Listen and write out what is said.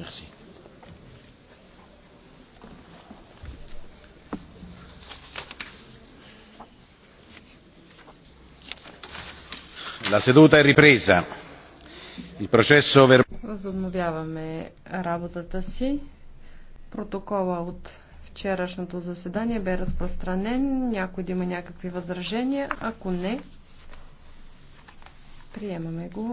Merci. La seduta è ripresa. Il processo ver... Възобновяваме работата си. Протокола от вчерашното заседание бе разпространен. Някой да има някакви възражения. Ако не, приемаме го.